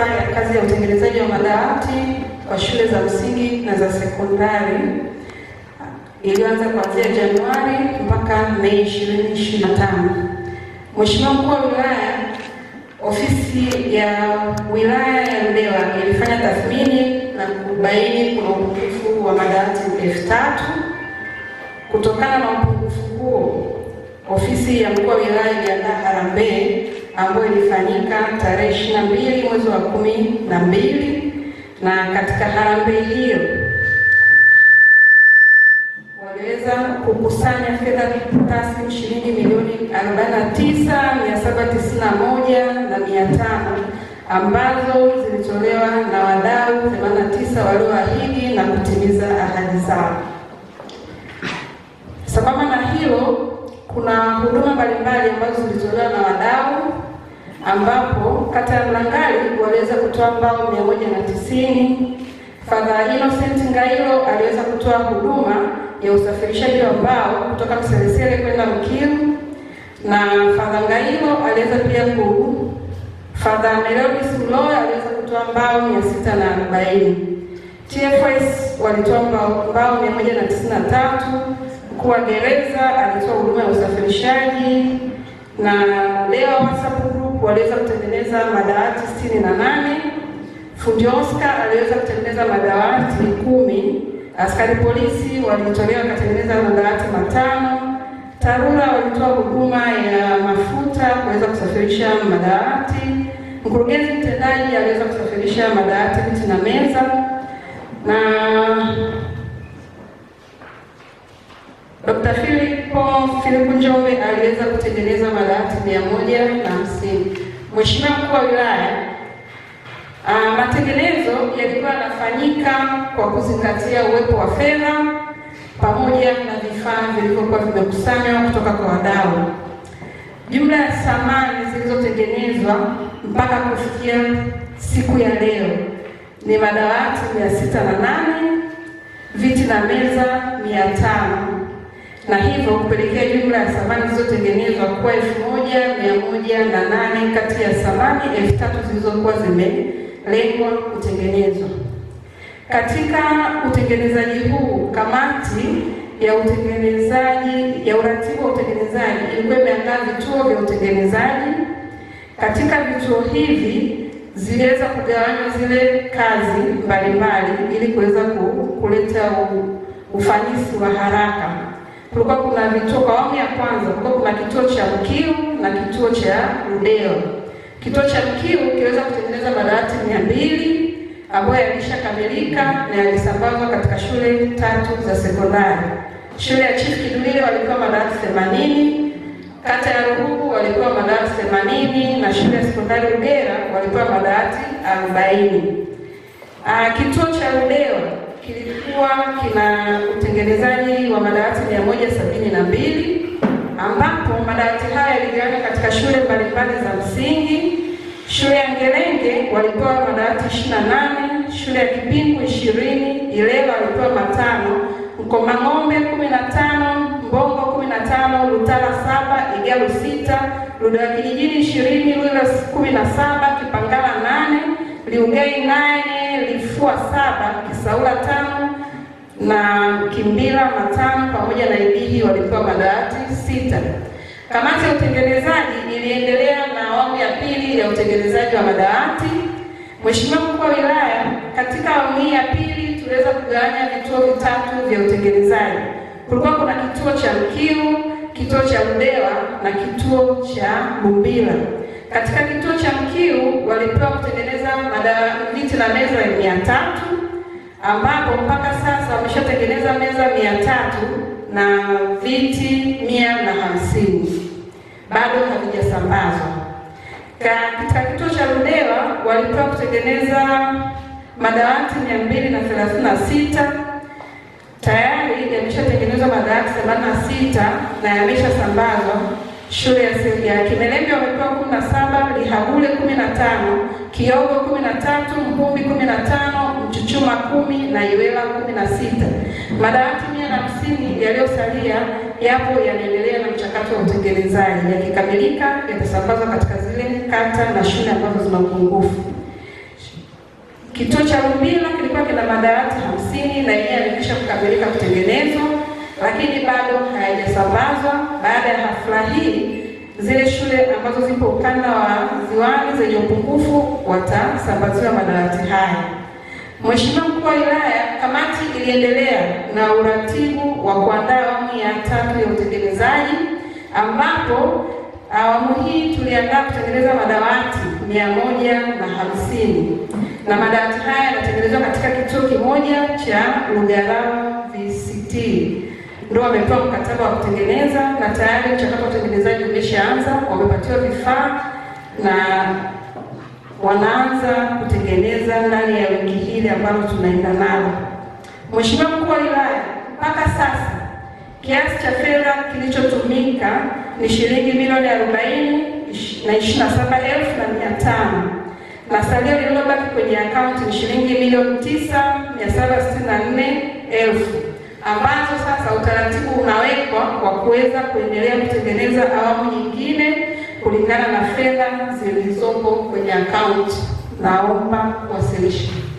kufanya kazi ya utengenezaji wa madawati kwa shule za msingi na za sekondari. Ilianza kuanzia Januari mpaka Mei 2025. Mheshimiwa Mkuu wa Wilaya, ofisi ya wilaya ya Ludewa ilifanya tathmini na kubaini kuna upungufu wa madawati elfu tatu. Kutokana na upungufu huo, ofisi ya mkuu wa wilaya iliandaa harambee ambayo ilifanyika tarehe ishirini na mbili mwezi wa kumi na mbili na katika harambee hiyo waliweza kukusanya fedha taslimu shilingi milioni 49,791 na tano ambazo zilitolewa na wadau 89 walioahidi na kutimiza ahadi zao. Sambamba na hilo, kuna huduma mbalimbali ambazo zilitolewa na wadau ambapo kata ya Mlangali waliweza kutoa mbao mia moja na tisini. Fadha Innocent Ngailo aliweza kutoa huduma ya usafirishaji wa mbao kutoka Mselesele kwenda Mkiru, na Fadha Ngailo aliweza pia ku Fadha Melodis Sulo aliweza kutoa mbao mia sita na arobaini. TFS walitoa mbao mia moja na tisini na tatu. Mkuu wa gereza alitoa huduma ya usafirishaji na leo WhatsApp waliweza kutengeneza madawati sitini na nane. Fundi Oscar aliweza kutengeneza madawati kumi. Askari polisi walijitolea wakatengeneza madawati matano. TARURA walitoa huduma ya mafuta kuweza kusafirisha madawati. Mkurugenzi mtendaji aliweza kusafirisha madawati, viti na meza na Dr. Philip Filipo Philip Njowe aliweza kutengeneza madawati mia moja na hamsini. Mheshimiwa mkuu wa wilaya, uh, matengenezo yalikuwa yanafanyika kwa kuzingatia uwepo wa fedha pamoja na vifaa vilivyokuwa vimekusanywa kutoka kwa wadau. Jumla ya samani zilizotengenezwa mpaka kufikia siku ya leo ni madawati mia sita na nane, viti na meza mia tano na hivyo kupelekea jumla ya samani zilizotengenezwa kuwa elfu moja mia moja na nane kati ya samani elfu tatu zilizokuwa zimelengwa kutengenezwa. Katika utengenezaji huu, kamati ya utengenezaji ya uratibu wa utengenezaji ilikuwa imeandaa vituo vya utengenezaji. Katika vituo hivi ziliweza kugawanywa zile kazi mbalimbali ili kuweza kuleta ufanisi wa haraka kulikuwa kuna vituo. Kwa awamu ya kwanza kulikuwa kuna kituo cha Mkiu na kituo cha Ludewa. Kituo cha Mkiu kiliweza kutengeneza madawati mia mbili ambayo yalishakamilika na yalisambazwa katika shule tatu za sekondari. Shule ya Chifu Kidulile walikuwa madawati themanini, kata ya Ruhuku walikuwa madawati themanini na shule ya sekondari Ugera walikuwa madawati arobaini. Ah, kituo cha Ludewa kilikuwa kina utengenezaji wa madawati 172 ambapo madawati haya yaligawanywa katika shule mbalimbali za msingi. Shule ya Ngerenge walipewa madawati 28, shule ya Kipingu 20, Ilewa walipewa matano, Mkomang'ombe 15, Mbongo 15, Lutala 7, Igalu 6, Ludewa kijijini 20, Lwilo 17, Kipangala 8, Liugei 8, Lifua 7, Kisaula 5 na Kimbira matano pamoja na Ibihi walipewa madawati sita. Kamati ya utengenezaji iliendelea na awamu ya pili ya utengenezaji wa madawati. Mheshimiwa Mkuu wa Wilaya, katika awamu hii ya pili tuliweza kugawanya vituo vitatu vya utengenezaji. Kulikuwa kuna kituo cha Mkiu, kituo cha Mdewa na kituo cha Bumbila. Katika kituo cha Mkiu walipewa kutengeneza viti na meza mia tatu ambapo mpaka tumeshatengeneza meza mia tatu na viti mia na hamsini bado havijasambazwa. Katika kituo cha Ludewa walitoa kutengeneza madawati mia mbili na thelathini na sita tayari yameshatengenezwa madawati sabini na sita na yameshasambazwa. Shule ya Kimelembe wamepewa kumi na saba Lihagule kumi na tano Kiogo kumi na tatu Mbumbi kumi na tano Mchuma kumi na Iwela kumi na sita. Madawati mia na hamsini yaliyosalia yapo yanaendelea na mchakato wa utekelezaji. Yakikamilika yatasambazwa katika zile kata na shule ambazo zina upungufu. Kituo cha Rumbila kilikuwa kina madawati hamsini na yeye alikwisha kukamilika kutengenezwa, lakini bado hayajasambazwa. Baada ya hafla hii zile shule ambazo zipo ukanda wa Ziwani zenye upungufu watasambaziwa madawati haya. Mheshimiwa Mkuu wa Wilaya, kamati iliendelea na uratibu wa kuandaa awamu ya tatu ya utekelezaji ambapo awamu hii tuliandaa kutengeneza madawati mia moja na hamsini na madawati haya yanatengenezwa katika kituo kimoja cha Lugalama VCT. Ndio wamepewa mkataba wa kutengeneza na tayari mchakato wa utengenezaji umeshaanza, wamepatiwa vifaa na wanaanza kutengeneza ndani ya wiki hili ambalo tunaenda nalo. Mheshimiwa Mkuu wa Wilaya, mpaka sasa kiasi cha fedha kilichotumika ni shilingi milioni arobaini na ishirini na saba elfu na mia tano na salio lililobaki kwenye akaunti ni shilingi milioni tisa mia saba sitini na nne elfu ambazo sasa utaratibu unawekwa kwa kuweza kuendelea kutengeneza awamu nyingine kulingana na fedha zilizopo kwenye akaunti. Naomba kuwasilisha.